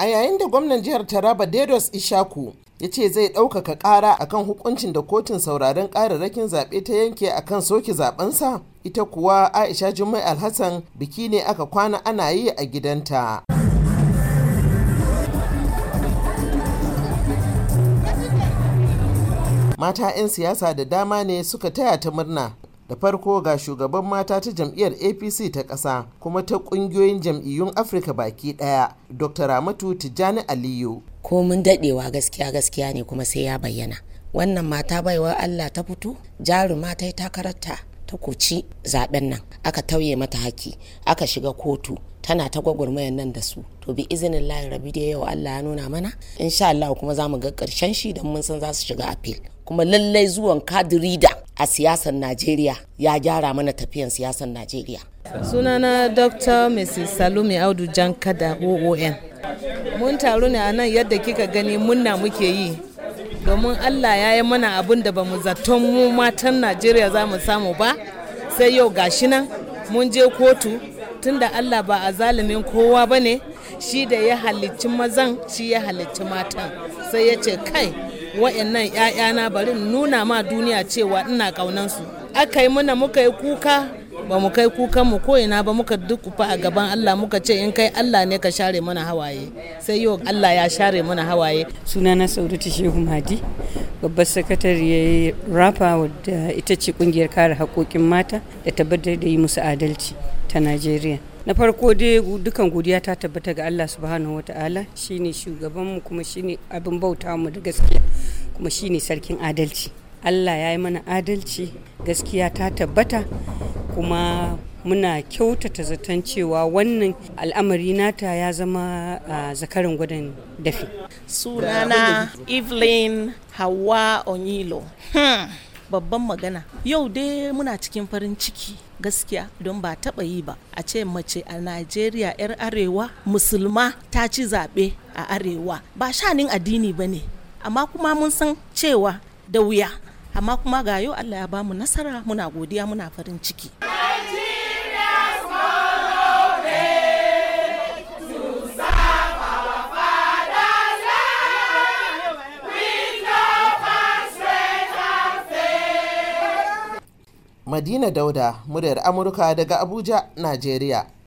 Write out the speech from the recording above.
a yayin da gwamnan jihar taraba dedos ishaku ya ce zai ɗaukaka ƙara akan hukuncin da kotun sauraron ƙararrakin zaɓe ta yanke akan soke zaɓensa ita kuwa aisha jummai alhassan biki ne aka kwana ana yi a gidanta mata 'yan siyasa da dama ne suka taya ta murna da farko ga shugaban mata ta jam'iyyar apc ta ƙasa kuma ta ƙungiyoyin jam'iyyun afirka baki ɗaya dr ramatu tijjani aliyu ko mun daɗewa gaskiya gaskiya ne kuma sai ya bayyana wannan mata baiwar allah ta fito jaruma ta yi takararta ta kuci zaben nan aka tauye mata haki aka shiga kotu tana ta gwagwarmayar nan da su to bi izinin layin rabi da yau allah ya nuna mana insha allah kuma za mu ga ƙarshen shi don mun san za su shiga apil kuma lallai zuwan kadrida. a siyasar Najeriya ya gyara mana tafiyan siyasar Najeriya. Sunana Dr. Mrs. Salumi Audu Jankada OON. Mun taru ne a nan yadda kika gani munna muke yi. Domin Allah ya yi mana abin da ba mu zaton mu matan Najeriya za mu samu ba, sai yau gashi nan mun je kotu tunda Allah ba a zalimin kowa ba ne, shi da ya halicci mazan shi ya halicci matan. Sai ya ce kai wa'annan 'ya'yana bari nuna ma duniya cewa ina ƙaunansu aka yi muna muka yi kuka ba mu kai kukan mu ko ina ba muka dukufa a gaban Allah muka ce in kai Allah ne ka share mana hawaye sai yau Allah ya share mana hawaye sunana Saudatu Shehu Mahdi babbar sakatariyar rafa wadda ita ce kungiyar kare haƙoƙin mata da tabbatar da yi musu adalci ta Najeriya na farko dai dukan godiya ta tabbata ga Allah subhanahu wataala shine shugabanmu kuma shine abin bauta mu da gaskiya kuma shine sarkin adalci Allah ya yi mana adalci gaskiya ta tabbata kuma muna kyautata zaton cewa wannan al'amari nata ya zama a zakarin gudun dafi sunana evelyn hawa onyilo hmm, babban magana yau dai muna cikin farin ciki gaskiya don ba taba yi ba a ce mace a najeriya 'yar arewa musulma ta ci zaɓe a arewa ba shanin addini ba ne amma kuma mun san cewa da wuya amma kuma ga yau Allah ya bamu nasara muna godiya muna farin ciki Madina Dauda, muryar Amurka daga Abuja, Najeriya.